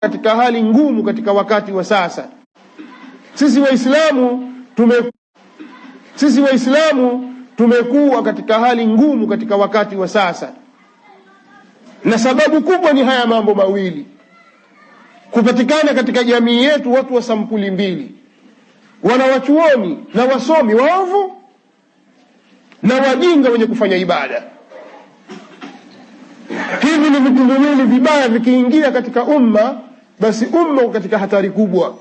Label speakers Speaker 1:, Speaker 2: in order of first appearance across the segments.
Speaker 1: katika hali ngumu katika wakati wa sasa. Sisi Waislamu tume sisi Waislamu tumekuwa katika hali ngumu katika wakati wa sasa, na sababu kubwa ni haya mambo mawili: kupatikana katika jamii yetu watu wa sampuli mbili, wanawachuoni na wasomi waovu na wajinga wenye kufanya ibada. Hivi ni vitu viwili vibaya, vikiingia katika umma basi umma katika hatari kubwa,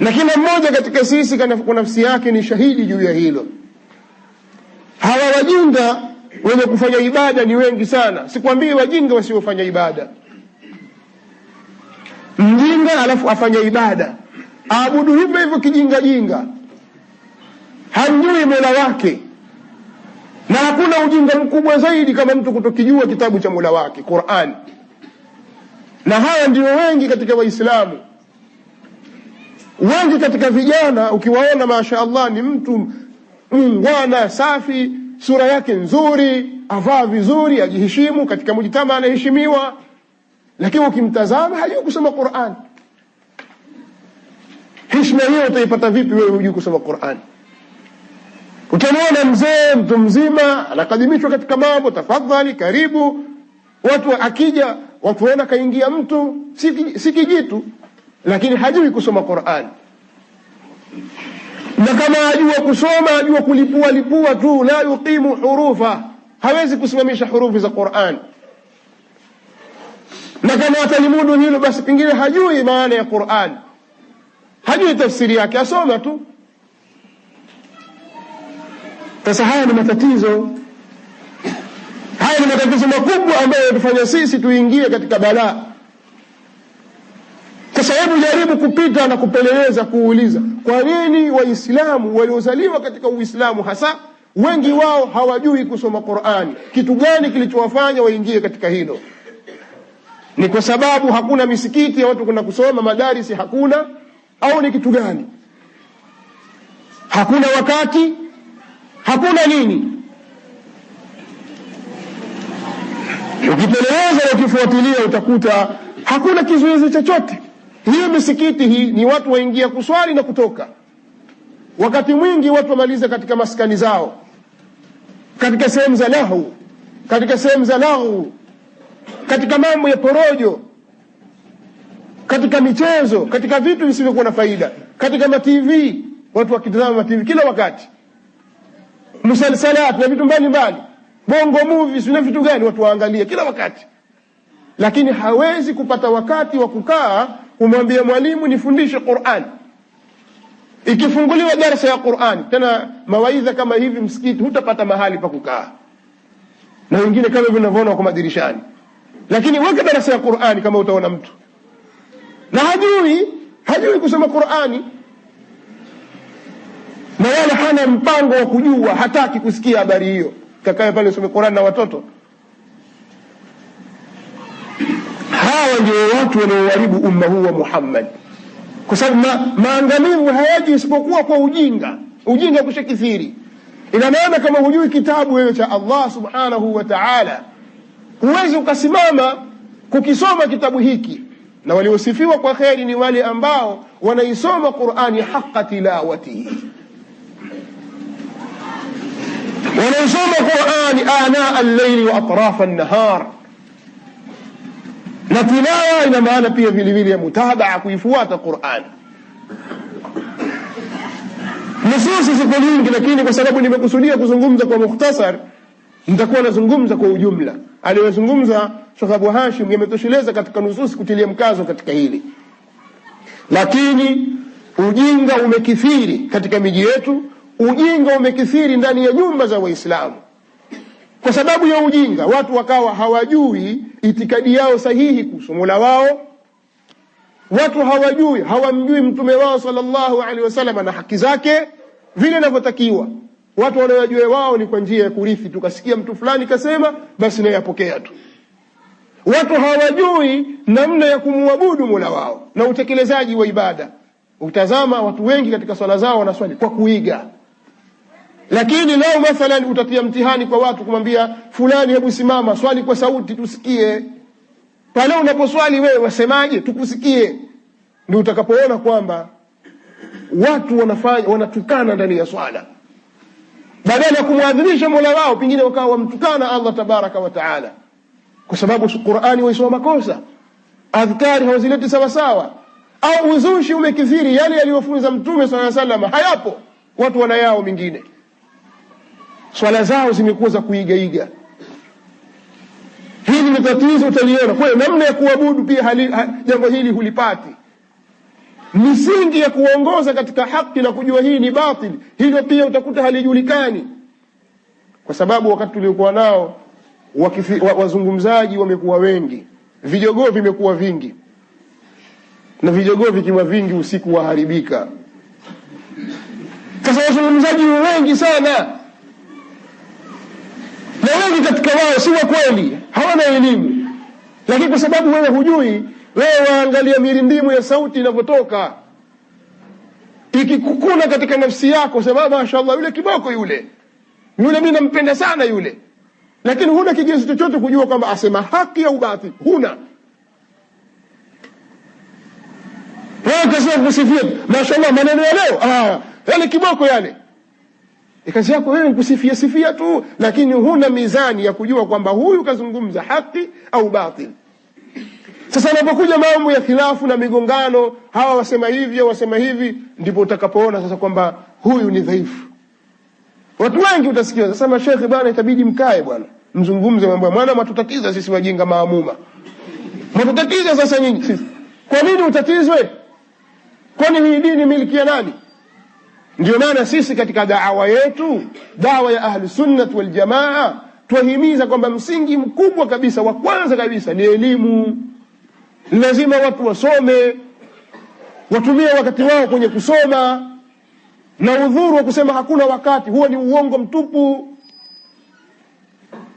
Speaker 1: na kila mmoja katika sisi kwa nafsi yake ni shahidi juu ya hilo. Hawa wajinga wenye kufanya ibada ni wengi sana, sikwambii wajinga wasiofanya ibada. Mjinga alafu afanya ibada, aabudu hivyo hivyo kijingajinga, hamjui mola wake. Na hakuna ujinga mkubwa zaidi kama mtu kutokijua kitabu cha mola wake Qur'an na hawa ndio wengi katika Waislamu. Wengi katika vijana ukiwaona, masha Allah, ni mtu mungwana, safi, sura yake nzuri, avaa vizuri, ajiheshimu, katika mujitama, anaheshimiwa, lakini ukimtazama hajui kusoma Qur'an. Heshima hiyo utaipata vipi wewe hujui kusoma Qur'an? Utamwona mzee mtu mzima anakadimishwa katika mambo, tafadhali, karibu. Watu akija Watuona kaingia mtu si kijitu, lakini hajui kusoma Qur'an, na kama ajua kusoma ajua kulipua lipua tu, la yuqimu hurufa, hawezi kusimamisha hurufi za Qur'an. Na kama atalimudu hilo, basi pengine hajui maana ya Qur'an, hajui tafsiri yake, asoma tu. Sasa haya ni matatizo Haya ni matatizo makubwa ambayo yatufanya sisi tuingie katika balaa. Sasa hebu jaribu kupita na kupeleleza, kuuliza kwa nini Waislamu waliozaliwa katika Uislamu hasa wengi wao hawajui kusoma Qur'ani. Kitu gani kilichowafanya waingie katika hilo? Ni kwa sababu hakuna misikiti ya watu kuna kusoma, madarisi hakuna, au ni kitu gani? Hakuna wakati, hakuna nini Ukipeleleza na ukifuatilia utakuta hakuna kizuizi chochote. Hiyo misikiti hii ni watu waingia kuswali na kutoka, wakati mwingi watu wamaliza katika maskani zao, katika sehemu za lahu, katika sehemu za lahu, katika mambo ya porojo, katika michezo, katika vitu visivyokuwa na faida, katika mativi, watu wakitazama mativi kila wakati, musalsalat na vitu mbalimbali bongo movies sina vitu gani watu waangalie kila wakati, lakini hawezi kupata wakati wa kukaa kumwambia mwalimu, nifundishe Qur'an. Ikifunguliwa darasa ya Qur'an, tena mawaidha kama hivi msikiti, hutapata mahali pa kukaa, na wengine kama hivyo unavyoona kwa madirishani. Lakini weka darasa ya Qur'an, kama utaona mtu na hajui hajui kusoma Qur'ani na wala hana mpango wa kujua, hataki kusikia habari hiyo kakae pale usome Qur'an na watoto. Hawa ndio watu wanaoharibu umma huu wa Muhammad, kwa sababu ma, maangamivu hayaji isipokuwa kwa ujinga. Ujinga kusha kithiri. Ina maana kama hujui kitabu wewe cha Allah subhanahu wa ta'ala, huwezi ukasimama kukisoma kitabu hiki, na waliosifiwa kwa kheri ni wale ambao wanaisoma Qur'ani haqqa tilawatihi wanaisoma Qurani ana al-laili wa atraf an-nahar, na tilawa ina maana pia vile vile ya mutabaa, kuifuata Qurani nususi ziko nyingi, lakini kwa sababu nimekusudia kuzungumza kwa mukhtasar, nitakuwa nazungumza kwa ujumla. Aliyozungumza Sheikh Abu Hashim yametosheleza katika nususi kutilia mkazo katika hili, lakini ujinga umekithiri katika miji yetu. Ujinga umekithiri ndani ya nyumba za Waislamu. Kwa sababu ya ujinga, watu wakawa hawajui itikadi yao sahihi kuhusu mola wao, watu hawajui, hawamjui mtume wao sallallahu alaihi wasallam na haki zake vile inavyotakiwa. Watu wanaojua wao ni kwa njia ya kurithi, tukasikia mtu fulani kasema, basi nayapokea tu. Watu hawajui namna ya kumwabudu mola wao na utekelezaji wa ibada. Utazama watu wengi katika swala zao wanaswali kwa kuiga lakini lau mathalan utatia mtihani kwa watu kumwambia fulani, hebu simama swali kwa sauti tusikie, pale unaposwali wewe wasemaje tukusikie, ndio utakapoona kwamba watu wanafanya wanatukana ndani ya swala badala ya kumwadhimisha mola wao, pengine wakawa wamtukana Allah tabaraka wa taala, kwa sababu Qurani waisoma makosa, adhkari hawazileti sawasawa, au uzushi umekithiri, yale yaliyofunza Mtume sallallahu alaihi wasallam hayapo, watu wanayao mingine swala zao zimekuwa za kuigaiga. Hili ni tatizo, utaliona kwa namna ya kuabudu pia. Jambo hili hulipati misingi ya kuongoza katika haki na kujua hii ni batil, hilo pia utakuta halijulikani, kwa sababu wakati tuliokuwa nao wa, wazungumzaji wamekuwa wengi, vijogoo vimekuwa vingi, na vijogoo vikiwa vingi usiku waharibika. Sasa wazungumzaji wengi sana wengi katika wao si wa kweli, hawana elimu, lakini kwa sababu wewe hujui, wewe waangalia mirindimu ya sauti inavyotoka ikikukuna katika nafsi yako, sababu mashallah, yule kiboko yule yule, mi nampenda sana yule, lakini huna kigezo chochote kujua kwamba asema haki au bathi huna Kasema kusifia, mashallah, maneno ya leo ah, yale kiboko yale E, kazi yako wewe kusifia sifia tu, lakini huna mizani ya kujua kwamba huyu kazungumza haki au batil. Sasa anapokuja mambo ya khilafu na migongano, hawa wasema hivi au wasema hivi, ndipo utakapoona sasa kwamba huyu ni dhaifu. Watu wengi utasikia sasa, mashekhe bwana, itabidi mkae bwana, mzungumze mambo ya mwana, matutatiza sisi wajinga maamuma, matutatiza sasa nyinyi sisi. Kwa nini utatizwe? Kwani hii dini miliki ya nani? Ndio maana sisi katika daawa yetu, dawa ya Ahlusunnat Waljamaa, twahimiza kwamba msingi mkubwa kabisa wa kwanza kabisa ni elimu. Lazima watu wasome, watumie wakati wao kwenye kusoma, na udhuru wa kusema hakuna wakati, huo ni uongo mtupu,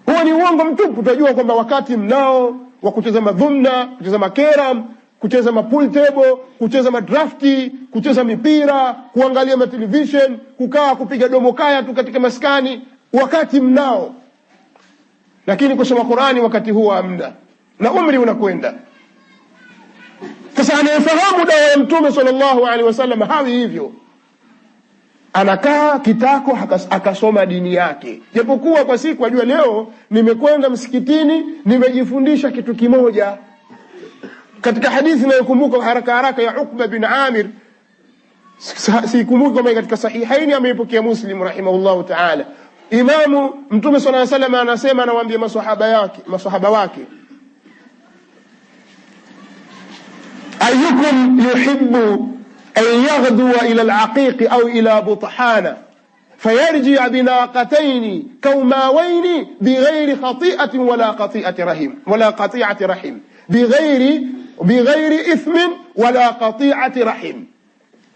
Speaker 1: huo ni uongo mtupu. Tunajua kwamba wakati mnao wa kutazama dhumna, kutazama keram kucheza mapool table, kucheza madrafti, kucheza mipira, kuangalia matelevision, kukaa kupiga domo kaya tu katika maskani. Wakati mnao, lakini kusoma Qurani wakati huo hamna, na umri unakwenda. Sasa anayefahamu dawa ya Mtume sallallahu alaihi wasallam hawi hivyo, anakaa kitako akasoma dini yake, japokuwa kwa siku ajua, leo nimekwenda msikitini nimejifundisha kitu kimoja katika hadithi inayokumbuka haraka haraka ya Ukba bin Amir, sikumbuki kama katika Sahihaini ameipokea Muslim rahimahullahu taala. Imamu Mtume sallallahu alayhi wasallam anasema, anawaambia maswahaba yake, maswahaba wake, ayukum yuhibbu an yaghdhuwa ila alaqiqi au ila buthana fayarjia binaqataini kaumawaini bighairi khati'atin wala qati'ati rahim wala qati'ati rahim bighairi bighairi ithmin wala qati'ati rahim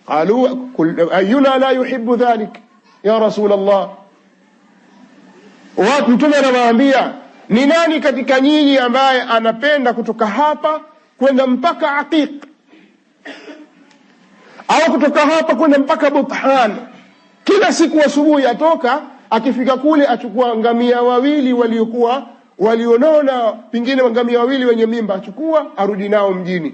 Speaker 1: qalu ayuna la yuhibbu dhalik ya rasul Allah watu mtume anawaambia ni nani katika nyinyi ambaye anapenda kutoka hapa kwenda mpaka aqiq au kutoka hapa kwenda mpaka buthan kila siku asubuhi atoka akifika kule achukua ngamia wawili waliokuwa walionona pengine wangamia wawili wenye mimba, achukua arudi nao mjini.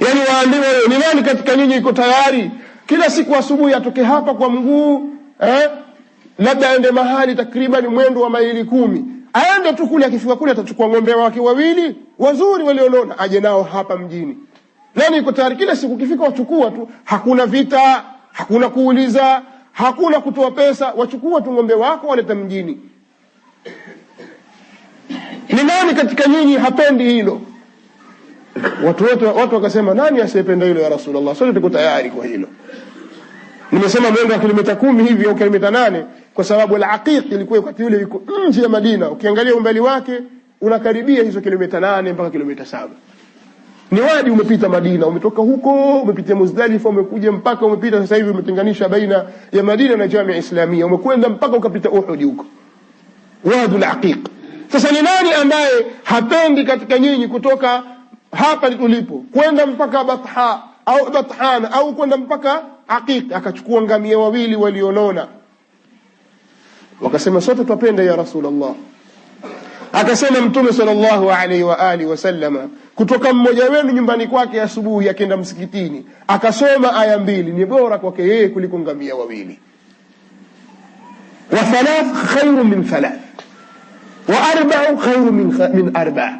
Speaker 1: Yani waambiwe ni nani katika nyinyi iko tayari kila siku asubuhi atoke hapa kwa mguu eh? labda aende mahali takriban mwendo wa maili kumi, aende tu kule. Akifika kule atachukua ng'ombe wake wawili wazuri walionona, aje nao hapa mjini. Nani iko tayari? Kila siku ukifika wachukua tu, hakuna vita, hakuna kuuliza, hakuna kutoa pesa, wachukua tu ng'ombe wako waleta mjini. Ni nani katika nyinyi hapendi hilo? Watu wote watu wakasema, nani asiyependa hilo ya Rasulullah? Sote tuko tayari kwa hilo. Nimesema mwendo wa kilomita kumi hivi au kilomita nane kwa sababu al-Aqiq ilikuwa wakati ule iko nje ya Madina. Ukiangalia umbali wake unakaribia hizo kilomita nane mpaka kilomita saba. Ni wadi umepita Madina, umetoka huko, umepitia Muzdalifa, umekuja mpaka umepita sasa hivi umetenganisha baina ya Madina na Jamia Islamia, umekwenda mpaka ukapita Uhud huko wadhu aqiq. Sasa ni nani ambaye hapendi katika nyinyi kutoka hapa tulipo kwenda mpaka Batha au Bathana au kwenda mpaka Aqiq? Akachukua ngamia wawili walionona, wakasema sote twapenda ya Rasulullah. Akasema Mtume sallallahu alaihi wa alihi wasallama, kutoka mmoja wenu nyumbani kwake asubuhi akienda msikitini akasoma aya mbili ni bora kwake yeye kuliko ngamia wawili, wa thalath khairun min thalath وأربع خير من خ... من أربع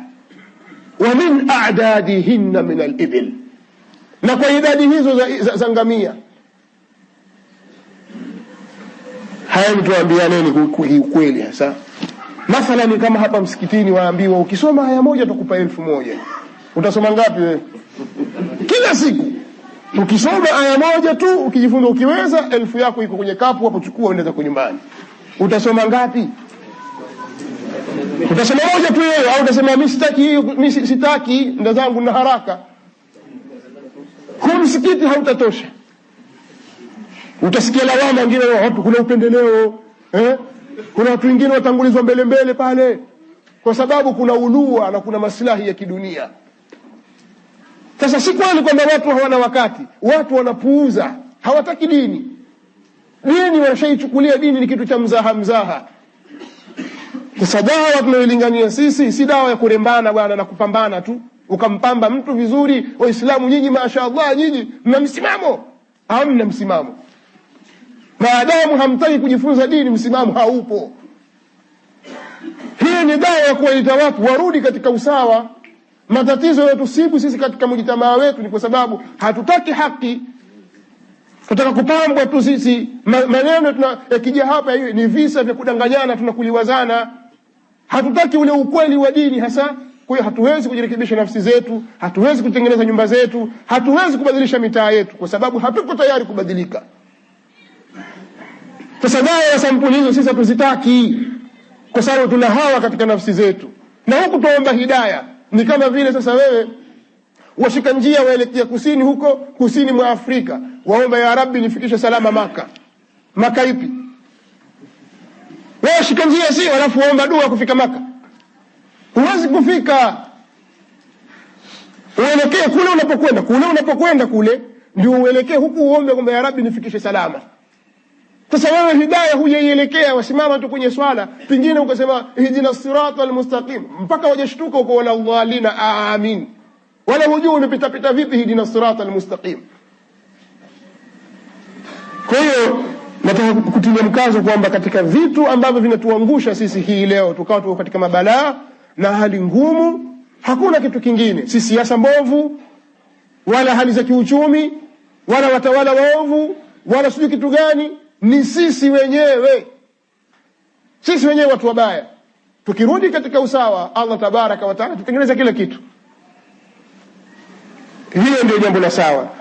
Speaker 1: ومن أعدادهن من الإبل na kwa idadi hizo za ngamia haya mtuambianeni kiukweli hasa mathalani kama hapa msikitini waambiwa ukisoma haya moja tukupa elfu moja utasoma ngapi we kila siku ukisoma aya moja tu ukijifunza ukiweza elfu yako iko kwenye kapu hapo chukua uendeza kwa nyumbani utasoma ngapi utasema moja tu yeye, au utasema mimi sitaki hiyo, mimi sitaki nda zangu na haraka. Huu msikiti hautatosha, utasikia lawama wengine, watu oh, kuna upendeleo eh? kuna watu wengine watangulizwa mbele mbele pale, kwa sababu kuna ulua na kuna maslahi ya kidunia. Sasa si kweli kwamba watu hawana wakati, watu wanapuuza, hawataki dini. Dini wanashaichukulia dini ni kitu cha mzaha mzaha sasa dawa tunayolingania sisi si dawa ya kurembana bwana na kupambana tu, ukampamba mtu vizuri. Waislamu nyinyi, mashaallah, nyinyi mna msimamo, hamna msimamo. Maadamu hamtaki kujifunza dini, msimamo haupo. Hii ni dawa ya kuwaita watu warudi katika usawa. Matatizo yanayotusibu sisi katika mjitamaa wetu ni kwa sababu hatutaki haki, tunataka kupambwa tu sisi. Maneno yakija hapa ni visa vya kudanganyana, tunakuliwazana. Hatutaki ule ukweli wa dini hasa. Kwa hiyo hatuwezi kujirekebisha nafsi zetu, hatuwezi kutengeneza nyumba zetu, hatuwezi kubadilisha mitaa yetu, kwa sababu hatuko tayari kubadilika. Sasa dawa ya sampuli hizo sisi hatuzitaki, kwa sababu tuna hawa katika nafsi zetu, na huku tuomba hidaya. Ni kama vile sasa wewe washika njia waelekea kusini, huko kusini mwa Afrika waomba, ya Rabbi nifikishe salama Maka. Maka ipi? wewe shika njia sio, alafu waomba dua kufika Maka. Huwezi kufika, uelekee kule unapokwenda, kule unapokwenda kule ndio uelekee huku, uombe kwamba ya Rabbi nifikishe salama. Sasa wewe hidaya hujaielekea, wasimama tu kwenye swala, pengine ukasema ihdina sirata almustaqim, mpaka wajashtuka uko wala dhalina, amin, wala hujui umepitapita vipi. Ihdina sirata almustaqim. Kwa hiyo Nataka kutilia mkazo kwamba katika vitu ambavyo vinatuangusha sisi hii leo tukawa tuko katika mabalaa na hali ngumu, hakuna kitu kingine, si siasa mbovu wala hali za kiuchumi wala watawala waovu wala sijui kitu gani, ni sisi wenyewe, sisi wenyewe watu wabaya. Tukirudi katika usawa, Allah tabaraka wataala tutengeneza kila kitu. Hiyo ndio jambo la sawa.